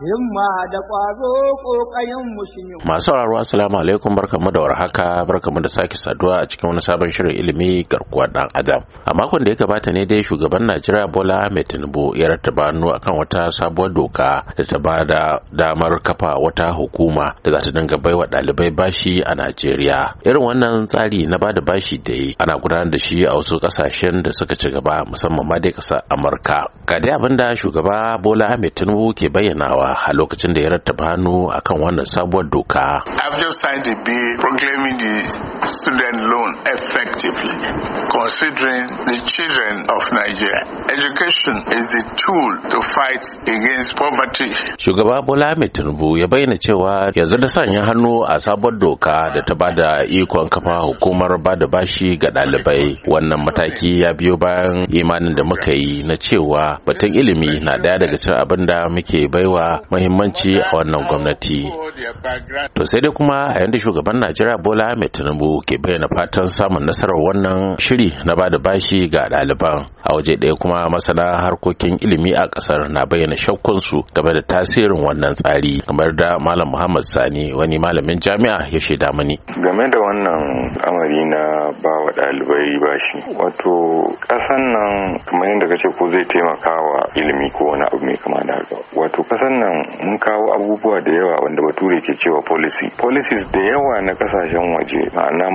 himma da ƙwazo kokayin mushinyo Masu sauraro assalamu alaikum barkamu da warhaka barkamu da sake saduwa a cikin wani sabon shirin ilimi garkuwar ɗan adam. A makon da ya gabata ne dai shugaban Najeriya Bola Ahmed Tinubu ya rattaba hannu akan wata sabuwar doka da ta ba da damar kafa wata hukuma da za ta dinga baiwa ɗalibai bashi a Najeriya. Irin wannan tsari na ba da bashi da yi ana gudanar da shi a wasu kasashen da suka ci gaba musamman ma dai kasar Amurka. Ga dai abinda shugaba Bola Ahmed Tinubu ke bayyanawa a lokacin da ya rattaba hannu akan wannan sabuwar doka. I've just signed a bill proclaiming the student loan effectively considering the children of Nigeria. Education is the tool to fight against poverty. Shugaba Bola Ahmed Tinubu ya bayyana cewa yanzu da sanya hannu a sabuwar doka da ta bada ikon kafa hukumar bada bashi ga ɗalibai. Wannan mataki ya biyo bayan imanin da muka yi na cewa batun ilimi na ɗaya daga cin abin da muke baiwa mahimmanci a wannan gwamnati to sai dai kuma a yanda shugaban najeriya bola ahmed tinubu ke bayyana fatan samun nasarar wannan shiri na bada bashi ga ɗaliban a waje ɗaya kuma masana harkokin ilimi a kasar na bayyana shakkunsu game da tasirin wannan tsari kamar da malam muhammad sani wani malamin jami'a ya shaida mani game da wannan amari na ba wa ɗalibai bashi wato ƙasan nan kamar yadda kace ko zai taimaka wa ilimi ko wani abu mai kama da haka wato ƙasan nan mun kawo abubuwa da yawa wanda bature ke cewa policy policies da yawa na kasashen waje ma'ana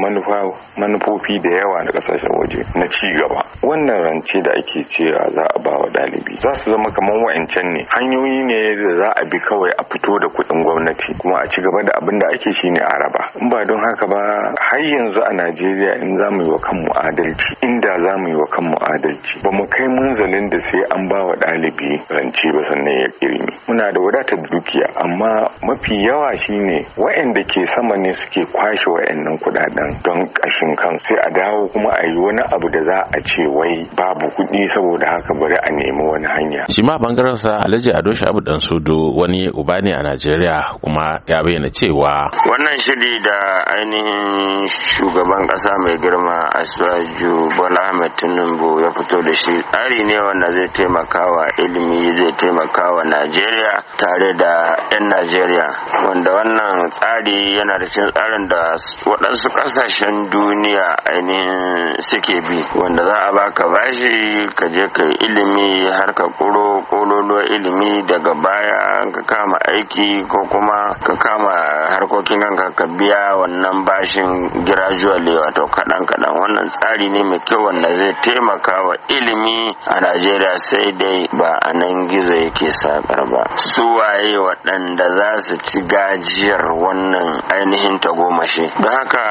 manufofi da yawa na kasashen waje na ci gaba wannan rance da ake cewa za a ba wa ɗalibi za su zama kamar wa'ancan ne hanyoyi ne da za a bi kawai a fito da kuɗin gwamnati kuma a ci gaba da abin da ake shine a raba in ba don haka ba har yanzu a najeriya in za mu yi wa kanmu adalci inda za mu yi wa kanmu adalci ba mu kai munzalin da sai an ba wa ɗalibi rance ba sannan ya kirmi muna da wadatar dukiya amma mafi yawa shine waɗanda ke sama ne suke kwashe waɗannan kuɗaɗen don ƙashin kan sai a dawo kuma a yi wani abu da za a ce wai babu kuɗi saboda haka bari a nemi wani hanya. shi ma bangaren sa alhaji ado shabu dan sudo wani uba ne a najeriya kuma ya bayyana cewa. wannan shiri da ainihin shugaban ƙasa mai girma asuwaju bola ahmed tinubu ya fito da shi tsari ne wanda zai taimakawa ilimi zai taimakawa najeriya tare da 'yan najeriya wanda wannan tsari yana da cikin tsarin da waɗansu ƙasashen duniya ainihin suke bi wanda za a baka bashi ka je ka yi ilimi har ka ƙuro ƙololuwa ilimi daga baya ka kama aiki ko kuma ka kama harkokin kanka ka biya wannan bashin gradually wato kaɗan kaɗan wannan tsari ne mai kyau wanda zai taimaka wa ilimi a najeriya sai dai ba a nan gizo yake sakar ba suwaye waɗanda za su ci gajiyar wannan ainihin tagomashi don haka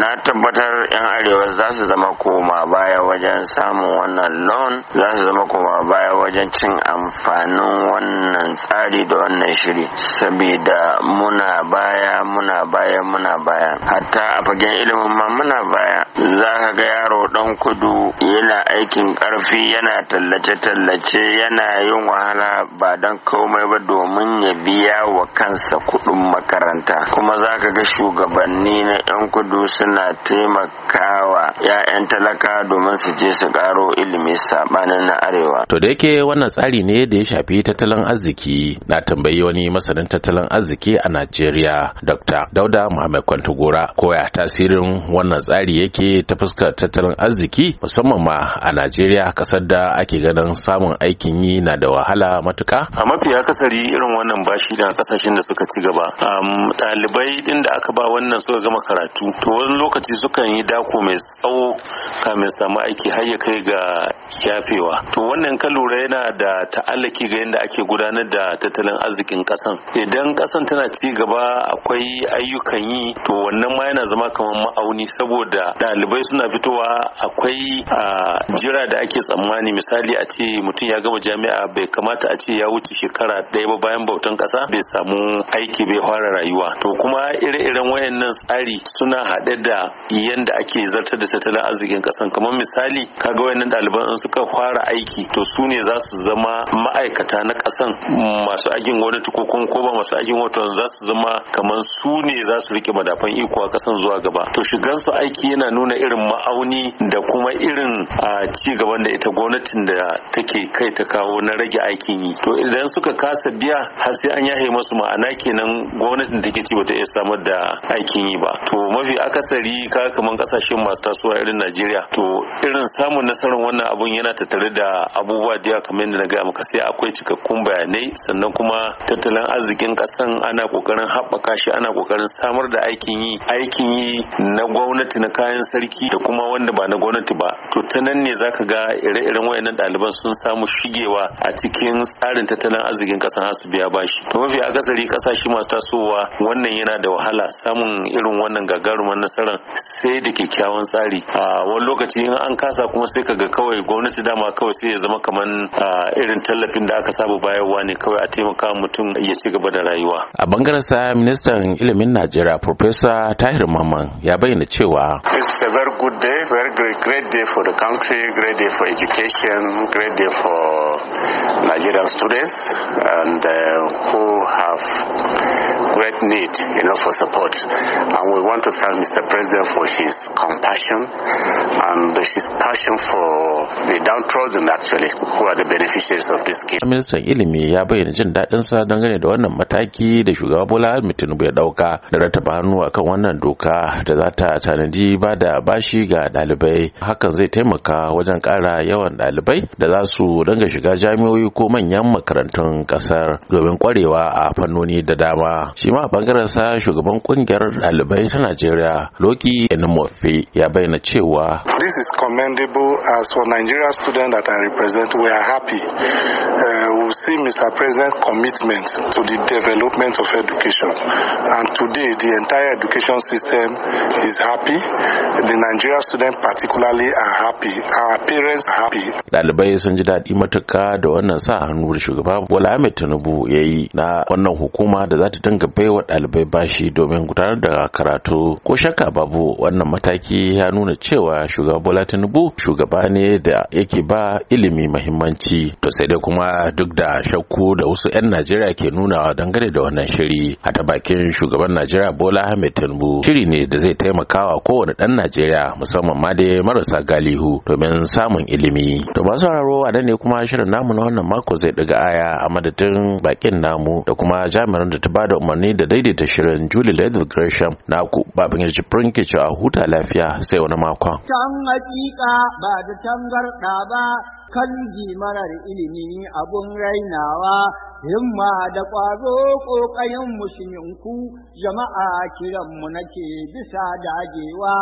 na tabbatar 'yan arewa za su zama koma baya wajen samun wannan loan za su zama koma baya wajen cin amfanin wannan tsari da wannan shiri saboda muna baya muna baya muna baya hatta a fagen ilimin ma muna baya za ka ga yaro kudu yana aikin ƙarfi yana tallace-tallace yana yin wahala ba don komai ba domin ya biya wa kansa kuɗin makaranta kuma za ka ga shugabanni na 'yan kudu suna taimaka 'ya'yan talaka domin su je su karo ilimi sabanin na arewa to da yake wannan tsari ne da ya shafi tattalin arziki na tambayi wani masanin tattalin arziki a najeriya dr dauda muhammad kwantagora koya tasirin wannan tsari yake ta fuskar tattalin arziki musamman ma a najeriya kasar da ake ganin samun aikin yi na da wahala matuka a mafi akasari irin wannan bashi da kasashen da suka ci gaba ɗalibai din da aka ba wannan suka gama karatu to wani lokaci sukan yi dako mai tsawo kamin samu aiki har ya kai ga yafewa to wannan ka lura yana da ta'allaki ga yadda ake gudanar da tattalin arzikin kasan idan kasan tana ci gaba akwai ayyukan yi to wannan ma yana zama kamar ma'auni saboda ɗalibai suna fitowa akwai jira da ake tsammani misali a ce mutum ya gama jami'a bai kamata a ce ya wuce shekara ɗaya ba bayan bautan ƙasa bai samu aiki bai fara rayuwa to kuma ire-iren wayannan tsari suna haɗe da yadda ake zartar da tattalin arzikin kasan kamar misali kaga wayannan ɗaliban in suka fara aiki to su ne za su zama ma'aikata na kasan masu aikin gwamnati ko ko ba masu aikin wato za su zama kamar su ne za su rike madafan iko a kasan zuwa gaba to shigar su aiki yana nuna irin ma'auni da kuma irin a ci gaban da ita gwamnatin da take kai ta kawo na rage aikin yi to idan suka kasa biya har sai an yahe musu ma'ana kenan gwamnatin da take ci bata iya samar da aikin yi ba to mafi akasari ka kamar kasashen masu kasuwa irin Najeriya to irin samun nasarar wannan abun yana tattare da abubuwa da kamar yadda na gaya maka sai akwai cikakkun bayanai sannan kuma tattalin arzikin kasan ana kokarin haɓaka shi ana kokarin samar da aikin yi aikin yi na gwamnati na kayan sarki da kuma wanda ba na gwamnati ba to ta nan ne zaka ga ire-iren wayannan ɗaliban sun samu shigewa a cikin tsarin tattalin arzikin kasan har biya bashi to mafi akasari kasashe masu tasowa wannan yana da wahala samun irin wannan gagarumar nasarar sai da kyakkyawan tsari tsari a wani lokaci in an kasa kuma sai kaga kawai gwamnati dama kawai sai ya zama kaman irin tallafin da aka saba bayarwa ne kawai a taimaka mutum ya ci gaba da rayuwa a bangaren sa ministan ilimin najeriya professor tahir maman ya bayyana cewa it's a very good day very great, day for the country great day for education great day for nigerian students and uh, who have great need you know for support and we want to thank mr president for his compassion passion and his passion for the downtrodden actually who are the beneficiaries of this scheme. Ministan ilimi ya bayyana jin daɗin sa dangane da wannan mataki da shugaban Bola Ahmed Tinubu ya ɗauka da rattaba hannu akan wannan doka da za ta tanadi ba da bashi ga ɗalibai hakan zai taimaka wajen ƙara yawan ɗalibai da za su dinga shiga jami'o'i ko manyan makarantun ƙasar domin ƙwarewa a fannoni da dama. Shi ma bangaren sa shugaban ƙungiyar ɗalibai ta Najeriya Loki Enumofe ya bayyana bayyana cewa this is commendable as for Nigeria students that I represent. We are happy. Uh, we see Mr. President's commitment to the development of education. And today, the entire education system is happy. The Nigeria students particularly are happy. Our parents are happy. Ɗalibai sun ji daɗi matuka da wannan sa hannu shugaba wala Ahmed Tinubu ya yi na wannan hukuma da za ta dinga baiwa ɗalibai bashi domin gudanar da karatu. Ko shakka babu wannan mataki ya nuna cewa shugaba cewa bola tinubu shugaba ne da yake ba ilimi mahimmanci to sai dai kuma duk da shakku da wasu 'yan najeriya ke nunawa dangane da wannan shiri a ta bakin shugaban najeriya bola ahmed tinubu shiri ne da zai taimakawa kowane ɗan najeriya musamman ma dai marasa galihu domin samun ilimi to masu sauraro da ne kuma shirin namu na wannan mako zai daga aya a madadin bakin namu da kuma jami'an da ta ba da umarni da daidaita shirin julie ledith gresham na ku babin jibrin ke cewa huta lafiya sai wani makon. hakika ba da tangarɗa ba kan marar ilimi abun rainawa himma da ƙwazo ƙoƙarin musulunku, jama'a kiranmu nake bisa dagewa